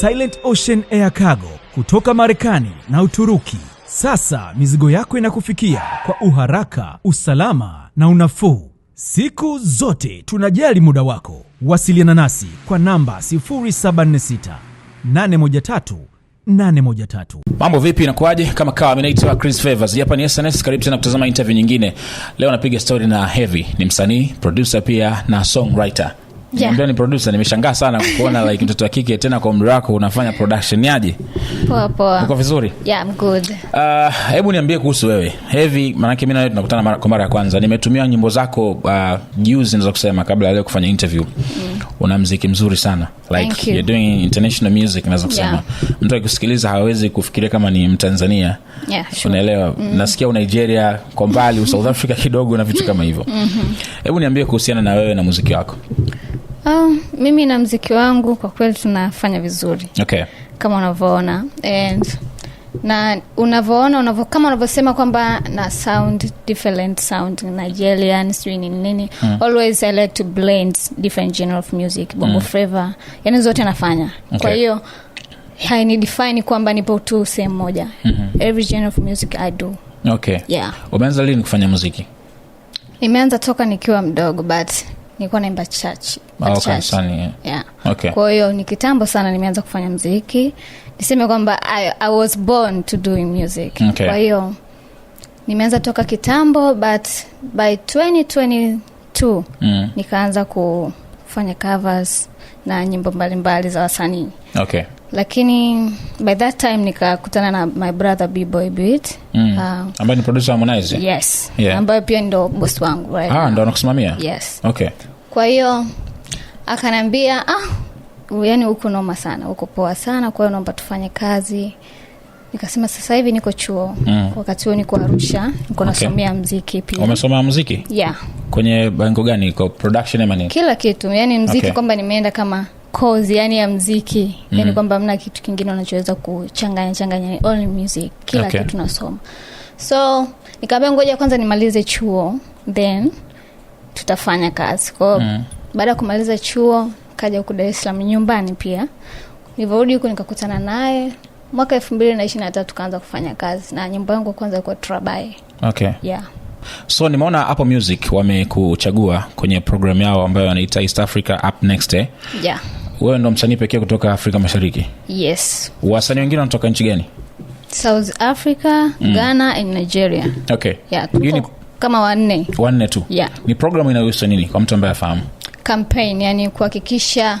Silent Ocean Air Cargo kutoka Marekani na Uturuki. Sasa mizigo yako inakufikia kwa uharaka, usalama na unafuu. Siku zote tunajali muda wako. Wasiliana nasi kwa namba 076 813 813. Mambo vipi, inakuaje? Kama kawa, mimi naitwa Chris Favors. Hapa ni SNS, karibu tena kutazama interview nyingine. Leo napiga story na Heavy, ni msanii, producer pia na songwriter. Yeah. ni producer nimeshangaa sana kuona like mtoto wa kike tena kwa umri wako unafanya production yaje? Poa poa. Uko vizuri? Yeah, I'm good. Ah, uh, hebu niambie kuhusu wewe. Heavy maana yake mimi na wewe tunakutana kwa mara ya kwanza. Nimetumia nyimbo zako uh, juzi naweza kusema kabla ya leo kufanya interview. Mm. Una mziki mzuri sana. Like Thank you. you're doing international music naweza kusema. Yeah. Mtu akikusikiliza hawezi kufikiria kama ni Mtanzania. Yeah, sure. Unaelewa? Mm. Nasikia una Nigeria kwa mbali, South Africa kidogo na vitu kama hivyo. Mm-hmm. Hebu niambie kuhusiana na wewe na muziki wako. Oh, mimi na mziki wangu kwa kweli tunafanya vizuri okay. Kama unavyoona and na unavyoona unavyo, kama unavyosema kwamba na sound different sound Nigerian sijui nini nini mm. Always I like to blend different genre of music bongo mm. flavor yani zote nafanya okay. Kwa hiyo define kwamba nipo tu sehemu moja mm-hmm. Every genre of music I do okay. Yeah. Umeanza lini kufanya muziki? imeanza toka nikiwa mdogo but nilikuwa naimba chachi kwa hiyo ni kitambo sana nimeanza kufanya mziki niseme kwamba I, I was born to doing music okay. kwa hiyo nimeanza toka kitambo but by 2022 mm. nikaanza kufanya covers na nyimbo mbalimbali za wasanii okay. lakini by that time nikakutana na my brother bboy bit mm. uh, ah. ambayo ni producer harmonize yes yeah. ambayo pia ndo bos wangu right ah, ndo anakusimamia yes okay kwa hiyo akanambia ah, yani huko noma sana, huko poa sana, kwa hiyo naomba tufanye kazi. Nikasema sasa hivi niko chuo mm. Wakati huo niko Arusha, niko nasomea okay. mziki pia. umesoma mziki? Yeah. Kwenye bango gani? Iko production ama nini? Kila kitu, yani mziki okay. Kwamba nimeenda kama kozi yani ya mziki yaani mm. Yani kwamba mna kitu kingine unachoweza kuchanganya changanya, all music, kila okay. kitu nasoma. So nikaambia ngoja kwanza nimalize chuo then tutafanya kazi kwao mm. baada ya kumaliza chuo kaja huku Dar es Salaam nyumbani pia nilivyorudi huku nikakutana naye mwaka elfu mbili na ishirini na tatu tukaanza kufanya kazi na nyumba yangu kwanza kwa Trabai. Okay. Yeah. So nimeona Apple Music wamekuchagua kwenye programu yao ambayo wanaita East Africa Up Next eh? Yeah. Wewe ndo msanii pekee kutoka Afrika Mashariki? Yes. Wasanii wengine wanatoka nchi gani? South Africa, mm. Ghana and Nigeria. Okay. Yeah, tuko kama wanne wanne tu yeah. ni programu inayohusu nini kwa mtu ambaye afahamu campaign yani kuhakikisha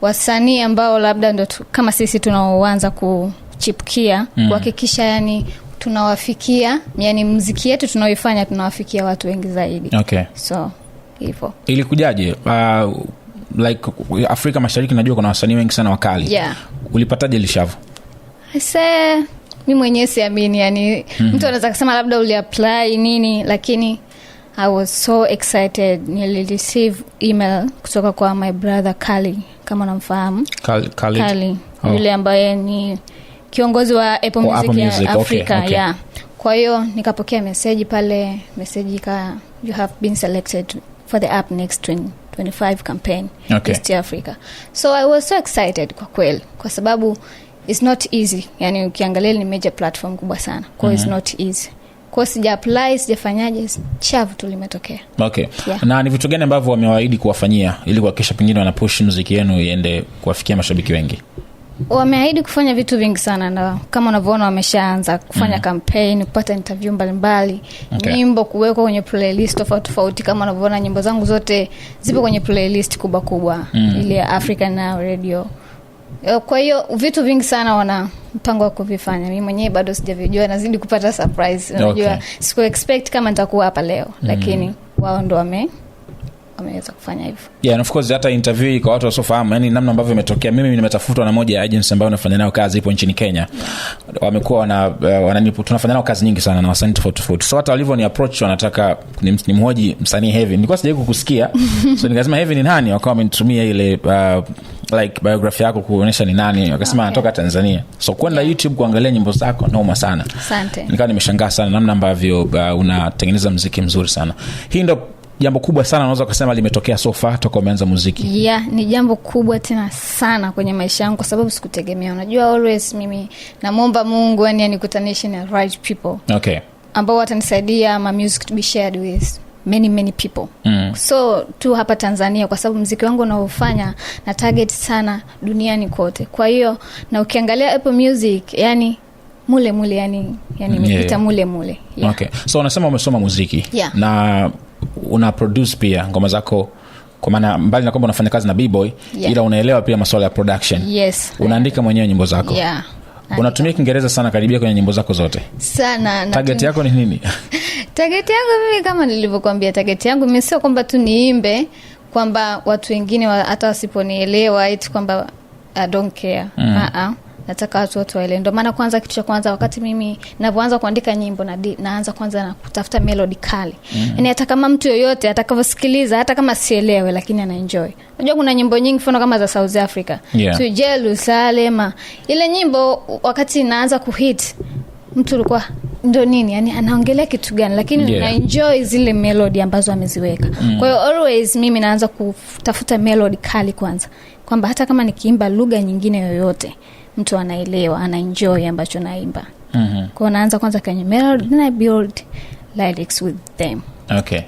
wasanii ambao labda ndo tu, kama sisi tunaoanza kuchipukia mm. kuhakikisha yani tunawafikia yani mziki yetu tunaoifanya tunawafikia watu wengi zaidi okay. so hivyo ilikujaje uh, like afrika mashariki najua kuna wasanii wengi sana wakali yeah. ulipataje lishavu se mi mwenyewe siamini yani mm-hmm. mtu anaweza kusema labda uliapply nini lakini i was so excited nilireceive email kutoka kwa my brother kali kama namfahamu kali oh. yule ambaye ni kiongozi wa apple music, apple music ya afrika okay, okay. yeah kwa hiyo nikapokea meseji pale meseji ka you have been selected for the app next 25 campaign okay. east africa so i was so excited kwa kweli kwa sababu it's not easy. Yani ukiangalia ni major platform kubwa sana, kwa mm -hmm. it's mhm. not easy kwa sija apply sijafanyaje, chavu tu limetokea. Okay, yeah. Na ni vitu gani ambavyo wamewaahidi kuwafanyia ili kuhakikisha pengine wanapush muziki yenu iende kuwafikia mashabiki wengi? Wameahidi kufanya vitu vingi sana, na kama unavyoona wameshaanza kufanya mm-hmm. mm. kupata interview mbalimbali okay. nyimbo kuwekwa kwenye playlist tofauti tofauti. Kama unavyoona nyimbo zangu zote zipo kwenye playlist kubwa kubwa mm. ile African Radio Eh, kwa hiyo vitu vingi sana wana mpango wa kuvifanya. Mimi mwenyewe bado sijavijua, nazidi kupata surprise. Unajua, okay. siku expect kama nitakuwa hapa leo mm. lakini wao ndo wame wameweza kufanya hivyo. Yeah, of course hata interview hii kwa watu wasiofahamu, yani namna ambavyo imetokea. Mimi nimetafutwa na moja ya agency ambayo nafanya nayo kazi ipo nchini Kenya. Wamekuwa wana, eh, wana tunafanya nao kazi nyingi sana na wasanii tofauti tofauti. So hata walivyo ni approach wanataka ni, mhoji msanii Heavy. Nilikuwa sijawahi kukusikia. So nikasema Heavy ni nani? Wakawa wamenitumia ile uh, like biografia yako kuonyesha ni nani akasema okay. anatoka tanzania so kwenda yeah. youtube kuangalia nyimbo zako noma sana nikawa nimeshangaa sana namna ambavyo uh, unatengeneza mziki mzuri sana hii ndo jambo kubwa sana unaweza ukasema limetokea sofa toka umeanza muziki yeah, ni jambo kubwa tena sana kwenye maisha yangu kwa sababu sikutegemea unajua always mimi namwomba mungu yani anikutanishe na right people okay ambao watanisaidia ma music to be shared with many many people mm. so tu hapa Tanzania kwa sababu mziki wangu unaofanya na target sana duniani kote. Kwa hiyo na ukiangalia Apple Music yani mule mule yani yani imepita yeah. mule mule yeah. okay. so unasema umesoma muziki yeah. na una produce pia ngoma zako kwa maana mbali na kwamba unafanya kazi na bboy yeah. ila unaelewa pia masuala ya production yes. unaandika yeah. mwenyewe nyimbo zako yeah. unatumia kiingereza sana karibia kwenye nyimbo zako zote sana target natumia... yako ni nini Tageti yangu mimi kama nilivyokuambia, tageti yangu mimi sio kwamba tu niimbe kwamba watu wengine hata wa, wasiponielewa eti kwamba I don't care. Mm. Uh -uh. Nataka watu wote waelewe. Ndio maana kwanza, kitu cha kwanza wakati mimi ninapoanza kuandika nyimbo na di, naanza kwanza na kutafuta melody kali. Mm. Yaani hata kama mtu yoyote atakavyosikiliza hata kama sielewe lakini ana enjoy. Unajua kuna nyimbo nyingi mfano kama za South Africa. Yeah. Tu Jerusalem. Ile nyimbo wakati naanza kuhit mtu alikuwa ndo nini yani anaongelea kitu gani lakini yeah. naenjoy zile melodi ambazo ameziweka mm. kwa hiyo always mimi naanza kutafuta melodi kali kwanza kwamba hata kama nikiimba lugha nyingine yoyote mtu anaelewa anaenjoy ambacho naimba mm-hmm. kwao naanza kwanza kwenye melody then i build lyrics with them okay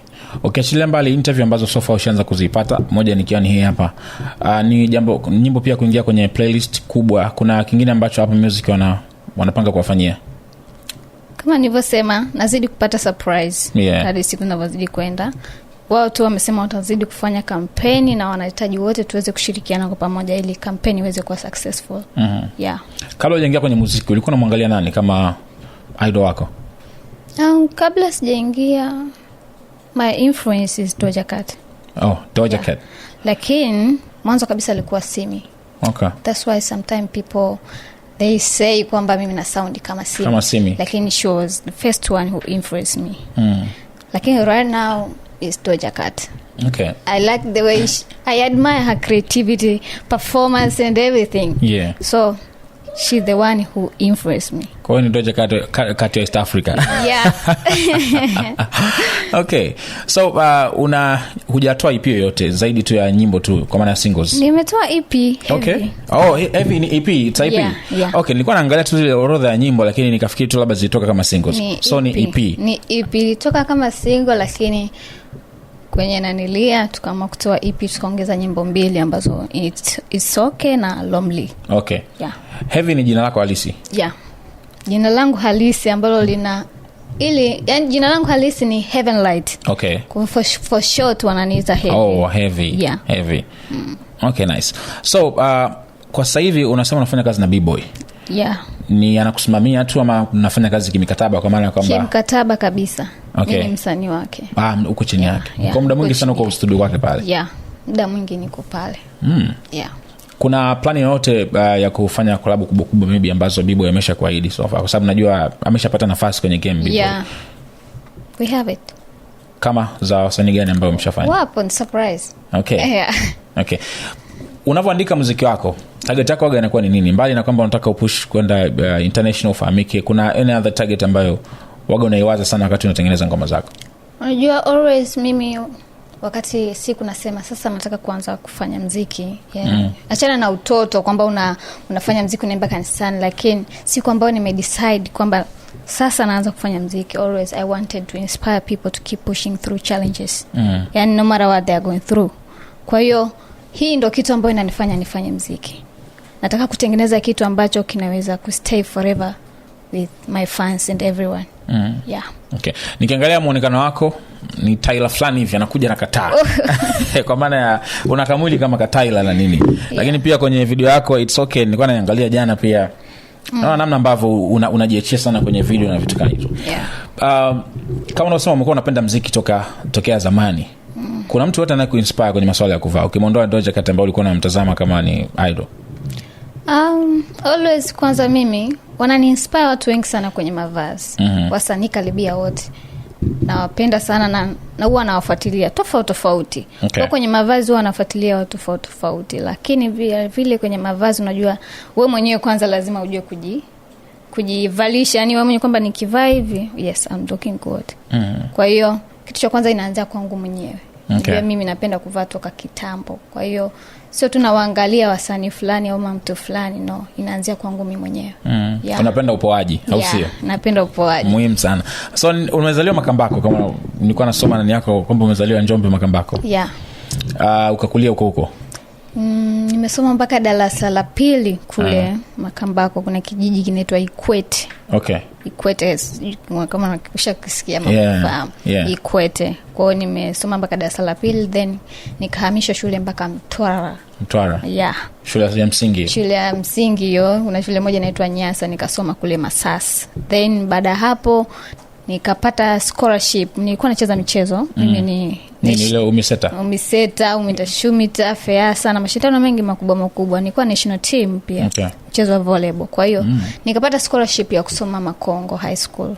ukiachilia okay, mbali interview ambazo sofa ushaanza kuzipata moja nikiwa ni hii hapa uh, ni jambo nyimbo pia kuingia kwenye playlist kubwa kuna kingine ambacho hapa music wana, wanapanga kuwafanyia kama nilivyosema, nazidi kupata surprise yeah. Hadi siku zinavyozidi kwenda, wao tu wamesema watazidi kufanya kampeni na wanahitaji wote tuweze kushirikiana kwa pamoja ili kampeni iweze kuwa successful. mm-hmm. yeah. Kabla hujaingia kwenye muziki ulikuwa unamwangalia nani kama idol wako? Um, kabla sijaingia my influence is Doja Cat. Oh, Doja Cat. Yeah. Lakini mwanzo kabisa alikuwa Simi. Okay. That's why sometimes people They say kwamba mimi na sound kama Simi, kama Simi, lakini she was the first one who influenced me mm. Lakini right now is Doja Cat. Okay. I like the way she, I admire her creativity, performance and everything. Yeah. So she's the one who influenced me kwa hiyo doja kati ya east africa yeah. okay so uh, una hujatoa ep yoyote zaidi tu ya nyimbo tu kwa maana singles nimetoa ep okay oh EP ni ep it's ep yeah, yeah. okay nilikuwa naangalia tu zile orodha ya nyimbo lakini nikafikiri tu labda zilitoka kama singles ni so EP. ni ep e ni ep ilitoka kama single lakini kwenye nanilia tukaamua kutoa EP tukaongeza nyimbo mbili ambazo isoke na lonely okay. yeah. hevi ni jina lako halisi yeah. jina langu halisi ambalo hmm. lina ili yani jina langu halisi ni heaven light okay. for, for short wananiita heavy. Oh, heavy. Yeah. heavy. Mm. okay nice so uh, kwa sasa hivi unasema unafanya kazi na bboy yeah. ni anakusimamia tu ama unafanya kazi kimikataba kwa maana ya kwamba kimkataba kabisa okay. ni msanii wake huko ah, chini yake yeah. kwa muda mwingi sana uko studio kwake pale yeah muda mwingi niko pale mm. yeah kuna plani yoyote uh, ya kufanya klabu kubwa kubwa maybe ambazo bibo amesha kuahidi sofa kwa sababu najua ameshapata nafasi kwenye game bibo. yeah. We have it kama za wasani gani ambayo mshafanya wapo ni surprise okay. Yeah. okay unavyoandika muziki wako target yako waga inakuwa ni nini mbali na kwamba unataka upush kwenda uh, international ufahamike kuna any other target ambayo waga unaiwaza sana wakati unatengeneza ngoma zako unajua always mimi wakati siku nasema sasa nataka kuanza kufanya mziki yeah. mm. achana na utoto kwamba una, unafanya mziki unaimba kanisani lakini siku ambayo nimedecide kwamba sasa naanza kufanya mziki always i wanted to inspire people to keep pushing through challenges mm. yani no matter what they are going through kwa hiyo hii ndo kitu ambayo inanifanya nifanye mziki nataka kutengeneza kitu ambacho kinaweza kustay forever with my fans and everyone Mm. okay. nikiangalia mwonekano wako ni taila fulani hivi anakuja na kataa oh. kwa maana ya una kamwili kama kataila na nini yeah. lakini pia kwenye video yako it's okay nilikuwa naiangalia jana pia mm. naona namna ambavyo unajiachia una sana kwenye video na vitu kama hivyo yeah. um, kama unaosema umekuwa unapenda mziki toka tokea zamani mm. kuna mtu yote anayekuinspire kwenye maswala ya kuvaa ukimwondoa doja kati ambao ulikuwa namtazama kama ni idol Um, always kwanza mimi wanani inspire watu wengi sana kwenye mavazi mm-hmm. wasanii karibia wote nawapenda sana na, na huwa nawafuatilia tofauti tofauti okay. Kwa kwenye mavazi huwa nafuatilia watu tofauti tofauti, lakini vile vile kwenye mavazi, unajua we mwenyewe kwanza lazima ujue kuji kujivalisha, yani wewe mwenyewe kwamba nikivaa hivi, yes I'm looking good mm. Kwa hiyo kitu cha kwanza inaanza kwangu mwenyewe Okay. Mimi napenda kuvaa toka kitambo, kwa hiyo sio tunawaangalia wasanii fulani au mtu fulani no, inaanzia kwangu mimi mwenyewe mm. yeah. Unapenda upoaji au sio? Yeah, napenda upoaji, muhimu sana. So umezaliwa Makambako, kama nilikuwa nasoma nani yako kwamba umezaliwa Njombe Makambako. yeah. Uh, ukakulia huko huko Mm, nimesoma mpaka darasa la pili kule uh -huh. Makambako kuna kijiji kinaitwa Ikwete. Okay. Ikwete kama ushakisikia mfahamu. Yeah. Ikwete. Kwao nimesoma mpaka darasa la pili then nikahamishwa shule mpaka Mtwara. Mtwara. Yeah. Shule ya msingi. Shule ya msingi hiyo, kuna shule moja inaitwa Nyasa nikasoma kule masas Then baada hapo nikapata scholarship. Nilikuwa nacheza michezo mimi mm. ni nini ile umiseta umiseta umitashumita fea sana mashindano mengi makubwa makubwa nikuwa national team pia okay. mchezo wa volleyball kwa hiyo mm. nikapata scholarship ya kusoma makongo high school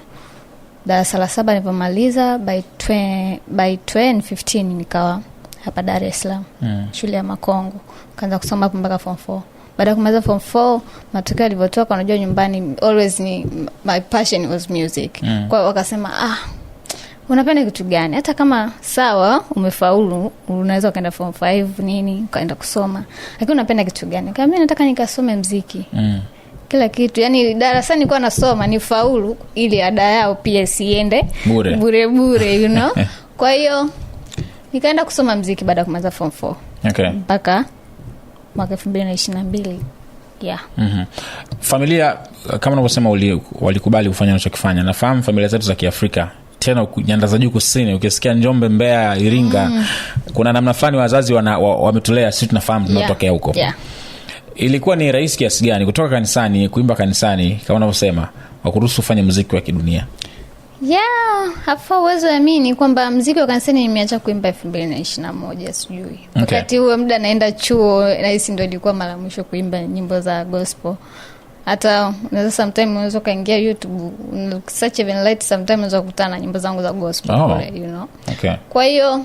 darasa la saba nilivyomaliza by, twen, by 15 nikawa hapa dar es salaam mm. shule ya makongo kaanza kusoma hapo mpaka form 4 baada ya kumaliza form 4 matokeo yalivyotoka unajua nyumbani always ni my passion was music mm. kwa wakasema ah unapenda kitu gani, hata kama sawa umefaulu, unaweza ukaenda form five nini ukaenda kusoma, lakini unapenda kitu gani? Kama mimi nataka nikasome mziki mm. Kila kitu yani, darasani nilikuwa nasoma ni faulu, ili ada yao pia siende bure bure, bure you know? kwa hiyo nikaenda kusoma mziki baada ya kumaliza form four okay. mpaka mwaka elfu mbili na ishirini mbili yeah. mm-hmm. Familia kama unavyosema walikubali kufanya unachokifanya. Nafahamu familia zetu za Kiafrika tena nyanda za juu kusini ukisikia njombe mbea iringa mm. kuna namna fulani wazazi wametulea wa, wa si tunafahamu tunaotokea yeah. huko yeah ilikuwa ni rahisi kiasi gani kutoka kanisani kuimba kanisani kama unavyosema wakuruhusu ufanye mziki wa kidunia yeah, afa uwezo amini kwamba mziki wa kanisani nimeacha kuimba elfu mbili na ishiri na moja sijui okay. wakati huo muda naenda chuo nahisi ndo ilikuwa mara mwisho kuimba nyimbo za gospel hata unaweza sometime unaweza ukaingia YouTube search light sometime unaweza kukutana na nyimbo zangu za gospel oh. kule, you know okay. Kwa hiyo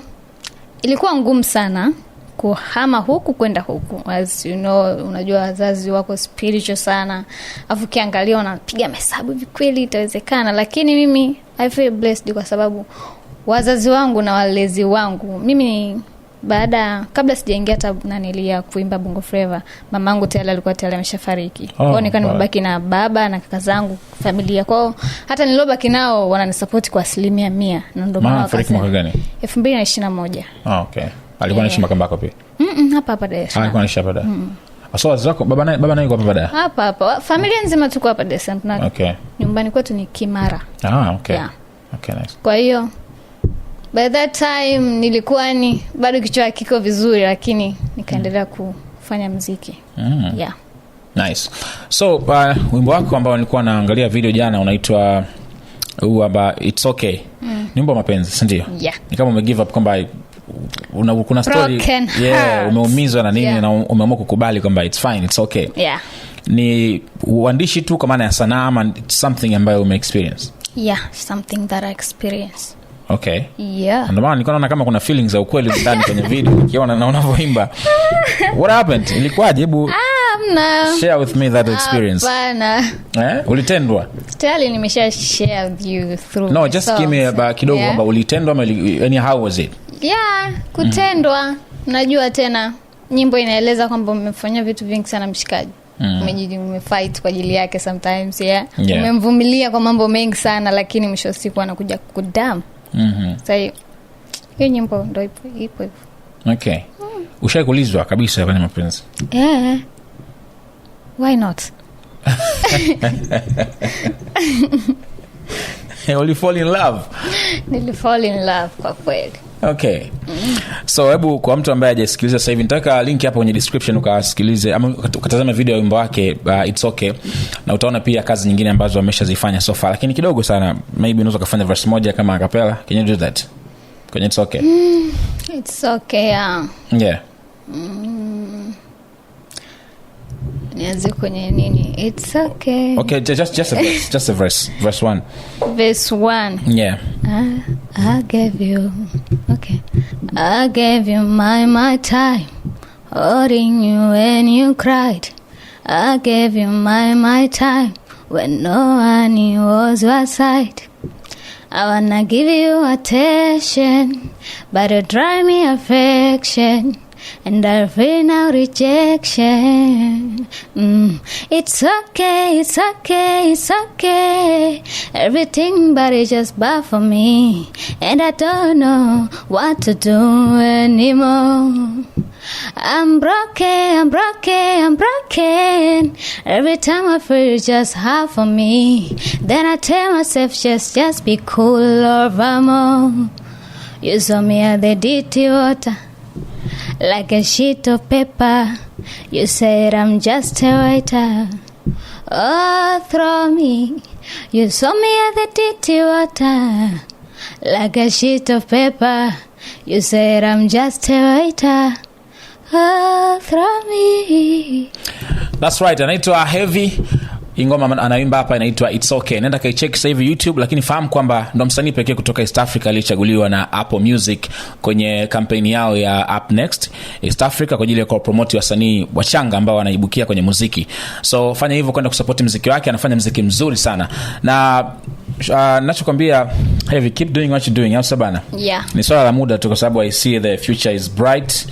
ilikuwa ngumu sana kuhama huku kwenda huku, as you know, unajua wazazi wako spiritual sana, afu ukiangalia unapiga mahesabu hivi, kweli itawezekana? Lakini mimi I feel blessed kwa sababu wazazi wangu na walezi wangu mimi baada kabla sijaingia hata nanili ya kuimba Bongo Flava, mamangu tayari alikuwa tayari ameshafariki. Oh, kwao nikawa nimebaki na baba na kaka zangu, familia. Kwao hata niliobaki nao wananisapoti kwa asilimia mia, na ndio maana wakafariki. Mwaka gani? 2021. Ah, okay. Alikuwa anaishi Makambako pia? Mm, hapa hapa Dar es Salaam. Alikuwa anaishi hapa Dar. Mm. So wazazi wako baba naye baba naye kwa baba Dar? Hapa hapa. Familia nzima tuko hapa Dar Okay. Nyumbani kwetu ni Kimara. Ah, okay. Yeah. Okay, nice. Kwa hiyo by that time nilikuwa ni bado kichwa kiko vizuri, lakini nikaendelea mm. kufanya mziki mm. yeah. Nice. So uh, wimbo wako ambao nilikuwa naangalia video jana unaitwa huu uh, amba it's okay mm. ni wimbo wa mapenzi, si ndio? yeah. ni kama umegive up kwamba una, kuna story yeah, umeumizwa na nini yeah. na umeamua kukubali kwamba it's fine, it's okay yeah. ni uandishi tu kwa maana ya sanaa ama something ambayo ume experience yeah, something that I experience okay yeah ndio maana nilikuwa naona kama kuna feelings za ukweli ndani kwenye video nikiona na unavyoimba what happened ilikuwaje hebu ah, hamna share with me that experience eh ulitendwa tayari nimesha share with you through no just give me about kidogo kwamba ulitendwa ama how was it yeah kutendwa mm. najua tena nyimbo inaeleza kwamba umefanya vitu vingi sana mshikaji mm. umefight mm. kwa ajili yake sometimes yeah. Yeah. umemvumilia kwa mambo mengi sana lakini mwisho wa siku anakuja kudam mm-hmm. Sa hiyo hiyo nyimbo ndo ipo hivyo okay mm. ushai kuulizwa kabisa kwenye mapenzi yeah. Eh. why not fall in love nili fall in love kwa kweli okay mm-hmm. so hebu kwa mtu ambaye ajasikiliza sasa hivi nitaka linki hapa kwenye description ukasikilize ama ukatazama video ya wimbo wake uh, its okay na utaona pia kazi nyingine ambazo ameshazifanya so far lakini kidogo sana maybe unaweza ukafanya verse moja kama akapela can you do that kwenye it's okay mm, it's okay yeah, yeah. Mm nianze kwenye nini its okay okay just, just a verse, just a verse verse one verse one yeah I, I gave you okay I gave you my my time holding you when you cried I gave you my my time when no one was your side. I wanna give you attention, but you drive me affection. And I feel no rejection. Mm. It's okay, it's okay, it's okay. Everything but it's just bad for me. And I don't know what to do anymore. I'm broken, I'm broken, I'm broken. Every time I feel you just hard for me. Then I tell myself just just be cool or all. You saw me at the dirty water like a sheet of paper. You said I'm just a waiter. Oh, throw me. You saw me at the dirty water like a sheet of paper. You said I'm just a waiter. That's right, anaitwa Heavy. Ingoma anaimba hapa inaitwa It's Okay. Nenda kaicheki sasa hivi YouTube, lakini fahamu kwamba ndo msanii pekee kutoka East Africa aliyechaguliwa na Apple Music kwenye kampeni yao ya Up Next East Africa kwa ajili ya kuwapromoti wasanii wachanga ambao wanaibukia kwenye muziki. So fanya hivyo kwenda kusapoti mziki wake, anafanya mziki mzuri sana na Ah, nachokwambia Heavy, keep doing what doing, au sabana? Yeah. Ni swala la muda tu kwa sababu I see the future is bright.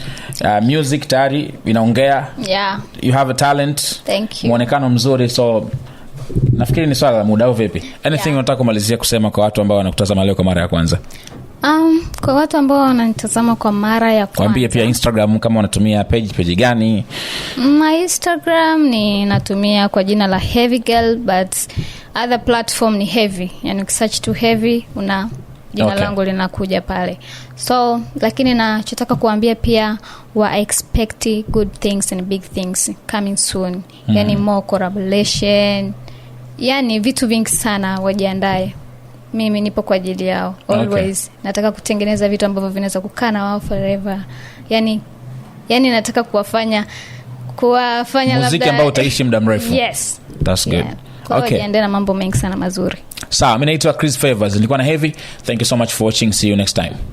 Uh, music tayari inaongea. Yeah. You have a talent. mzuri so nafikiri ni swala la muda au vipi? Anything yeah, unataka kumalizia kusema kwa watu ambao wanakutazama leo kwa mara ya kwanza? Um, kwa watu ambao wananitazama kwa mara ya kwanza, waambie pia Instagram kama wanatumia page page gani? My Instagram ni natumia kwa jina la Heavy Girl but other platform ni Heavy, Yaani ukisearch tu Heavy una jina okay, langu linakuja pale. So lakini nachotaka kuambia pia wa expect good things and big things coming soon, yani mm, more collaboration, Yaani vitu vingi sana wajiandae mimi nipo kwa ajili yao always. Okay. Nataka kutengeneza vitu ambavyo vinaweza kukaa na wao forever, yani, yani nataka kuwafanya kuwafanya muziki ambao utaishi muda mrefu. Yes, that's good yeah. Okay. Wajiandae na mambo mengi sana mazuri. Sawa, mi naitwa Chris Favors, nilikuwa na Heavy. Thank you so much for watching, see you next time.